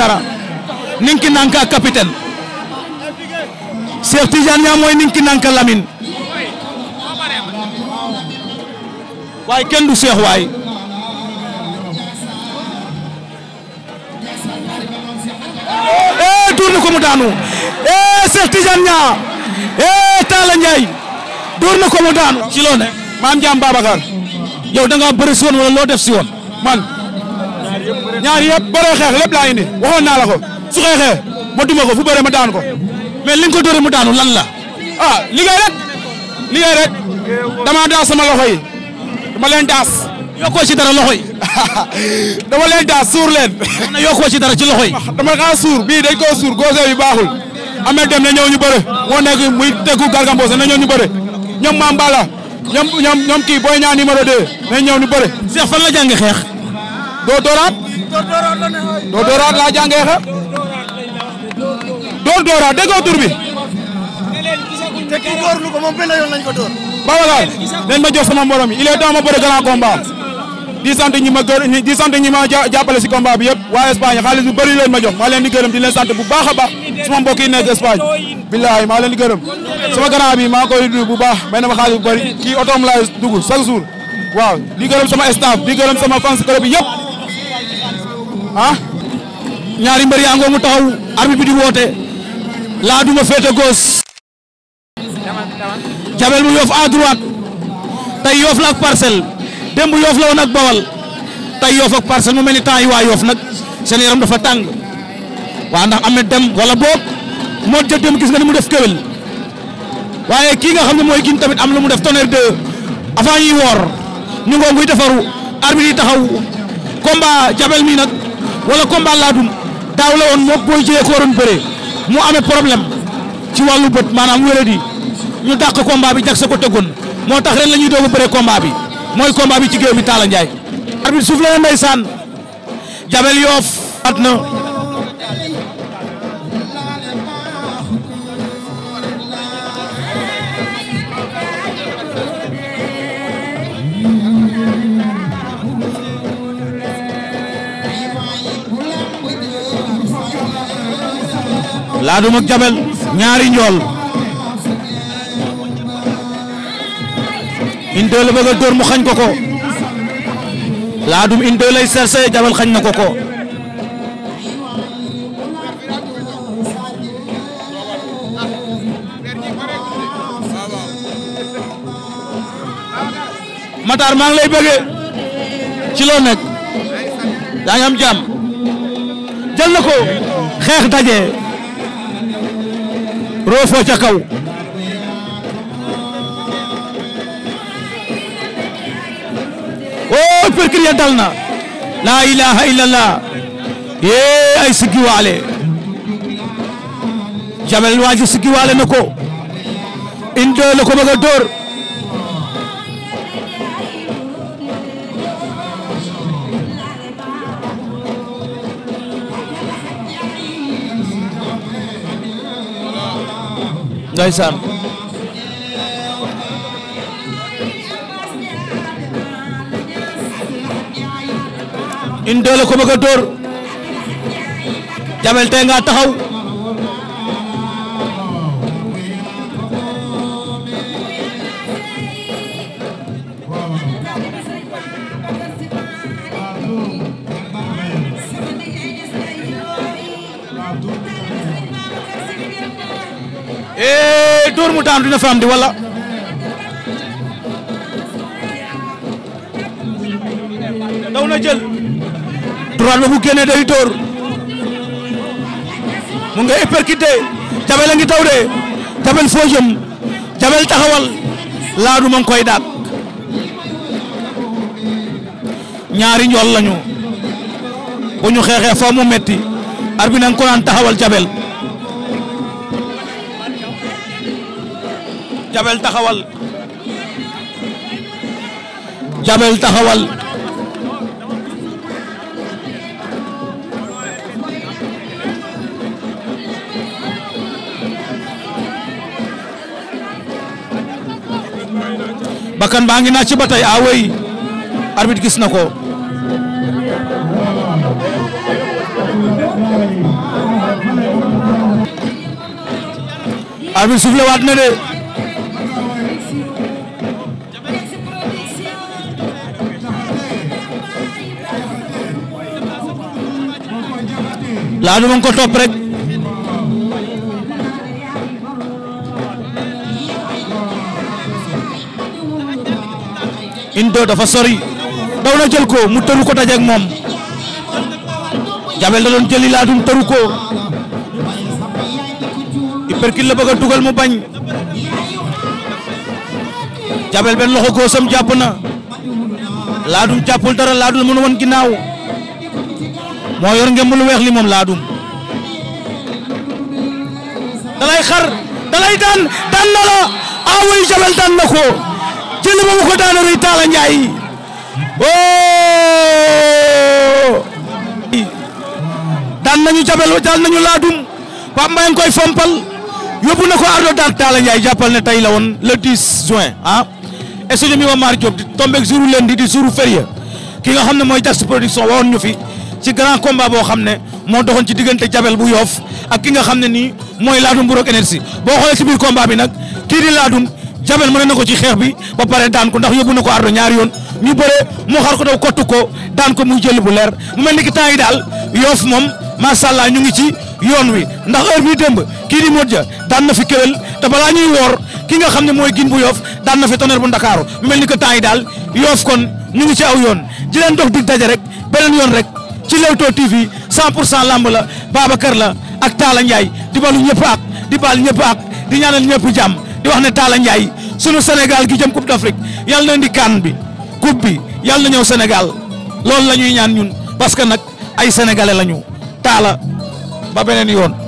dara Ninki Nanka capitaine Cheikh Tidiane Niang mooy Ninki Nanka Lamine waaye kenn du Cheikh waay eh door ko mu daanu eh Cheikh Tidiane Niang eh Talla Ndiaye door ko mu daanu ci maam Jaam Babacar yow da ngaa bëri si woon loo def si woon man. ñaar yëpp bëree xeex lépp laa indi waxoon naa la ko su xeexee ma duma ko fu bëree ma daan ko mais li nga ko dóoree mu daanu lan la ah liggéey rek liggéey rek dama daas sama loxo yi dama leen daas yokkoo ci dara loxo yi dama leen daas suur leen na yokkoo ci dara ci loxo yi dama kaa suur bii dañ koo suur goosee bi baaxul amee dem na ñëw ñu bëre moo nekk muy tegu gargamboose na ñëw ñu bëre ñoom maam bala ñoom ñoom ñoom kii booy ñaan numéro 2 na ñëw ñu bëre Cheikh fan la jànge xeex doo dooraat. doo dooraat laa jàngee xa. door dooraat déggoo tur bi. te kii door lu ko moom benn yoon lañ ko door. Babacar leen ma jox sama morom yi il est temps ma bëre grand combat. di sant ñi ma gër sant ñi ma jàppale si combat bi yëpp waa Espagne xaalis bu bëri leen ma jox maa leen di gërëm di leen sant bu baax a baax suma mbokk yi nekk Espagne billahi leen di gërëm sama grand bi maa koy nuyu bu baax ma na ma xaalis bu bëri kii otoom laay dugg chaque jour waaw di gërëm sama staff di gërëm sama fans club bi yëpp ah ñaari mbër yaa ngoo mu taxaw arbitre bi di woote laa duma féete gauche jabel bu yoof à droite yoof la ak parcelle démb yoof la woon ak bawal tey yoof ak parcelle mu mel ni temps yi waa yoof nag seen yaram dafa tàng waa ndax am na dem walla boog moo jë dem gis nga ni mu def këwel waaye kii nga xam ne mooy gin tamit am la mu def tonnerre de avant yi woor ñu ngoo nguy defaru arbitre yi taxaw combat jabel mi nag wala combat laadum daaw la woon moog booy jëlee ko waroon bëree mu amee problème ci wàllu bët maanaam wéradi ñu dàq combat bi jag sa ko tëggoon moo tax ren la ñuy doog a bëree combat bi mooy combat bi ci géew bi Talla Ndiaye. arbitre suuf la ne ndeysaan Jabel Yoof at na. laadum ak jabel ñaari njool indoo la a dóor mu xañ ko laadum indoo lay serse jabel xañ na ko ko Matar maa ngi lay bëggee ci loo nekk yaa ngi am jàmm na ko xeex daje roofoo a kaw oo oh, perkir ya dal na laa yee ay siggi waale jamel waaji siggi waale na ko indoo la ndeysaan in doole ko bëgg a dóor jamel tey nga taxaw dóor mu daan dina fa am di wala. daw na jël. droite ba bu day dóor. mu nga épercuté. jabel a ngi taw de. jabel foo jëm. jabel taxawal. laadu ma koy daag. ñaari njool lañu. bu xeexee foo mu metti. arbi na taxawal jabel. jabel taxawal jabel taxawal bakkan baa ngi nàcc ba tey a ah wéy na ko arbitre soufflé waat na de Laadou ma ko topp rek Indo dafa sori daw na jël ko mu tëru ko daje moom Jabel da doon jëli Laadou mu tëru ko Hypercule la bëgg a dugal mu bañ Jabel benn loxo góosam jàpp na Laadou jàppul dara Laadou la mën wan ginnaaw. moo yor ngeen lu weex li moom laadum dalay xar dalay daan daan na la aaway jabel daan na ko jël ba mu ko daana rëy oh! daan nañu jabel daan nañu laadum Pape Mbaye koy fompal yóbbu na ko Ardo Daak Talla Ndiaye jàppal ne tey la woon le 10 juin ah et ce jour mi ma Mar Diop di tombé jour lundi di jour férié ki nga xam ne mooy Jax production woon ñu fi. ci grand combat boo xam ne moo doxoon ci diggante jabel bu yoof ak ki nga xam ne nii mooy laadum bu roog énergie boo xoolee ci biir combat bi nag kii di laadum jabel mën na ko ci xeex bi ba pare daan ko ndax yóbbu na ko ardo ñaar yoon ñu bëre moo xar ko daw kottu ko daan ko muy jël bu leer mu mel ni ki temps yi daal yoof moom macha allah ñu ngi ci yoon wi ndax heure bii démb kii di ja daan na fi kéwél te balaa ñuy woor ki nga xam ne mooy gin bu daan na fi tonnerre bu ndakaaru mel ni que temps yi daal yoof kon ñu ngi ci aw yoon di leen dox dig daje rek beneen yoon rek ci Leewtoo TV 100 pour cent lamb la Babacar la ak Talla Ndiaye di balu ñëpp ak di bal ñëpp ak di ñaanal ñëpp jàmm di wax ne Talla Ndiaye sunu Sénégal gi jëm Coupe d'Afrique yàlla na indi kan bi coupe bi yàlla na ñëw senegal loolu la ñuy ñaan ñun parce que nag ay sénégalais la ñu Talla ba beneen yoon.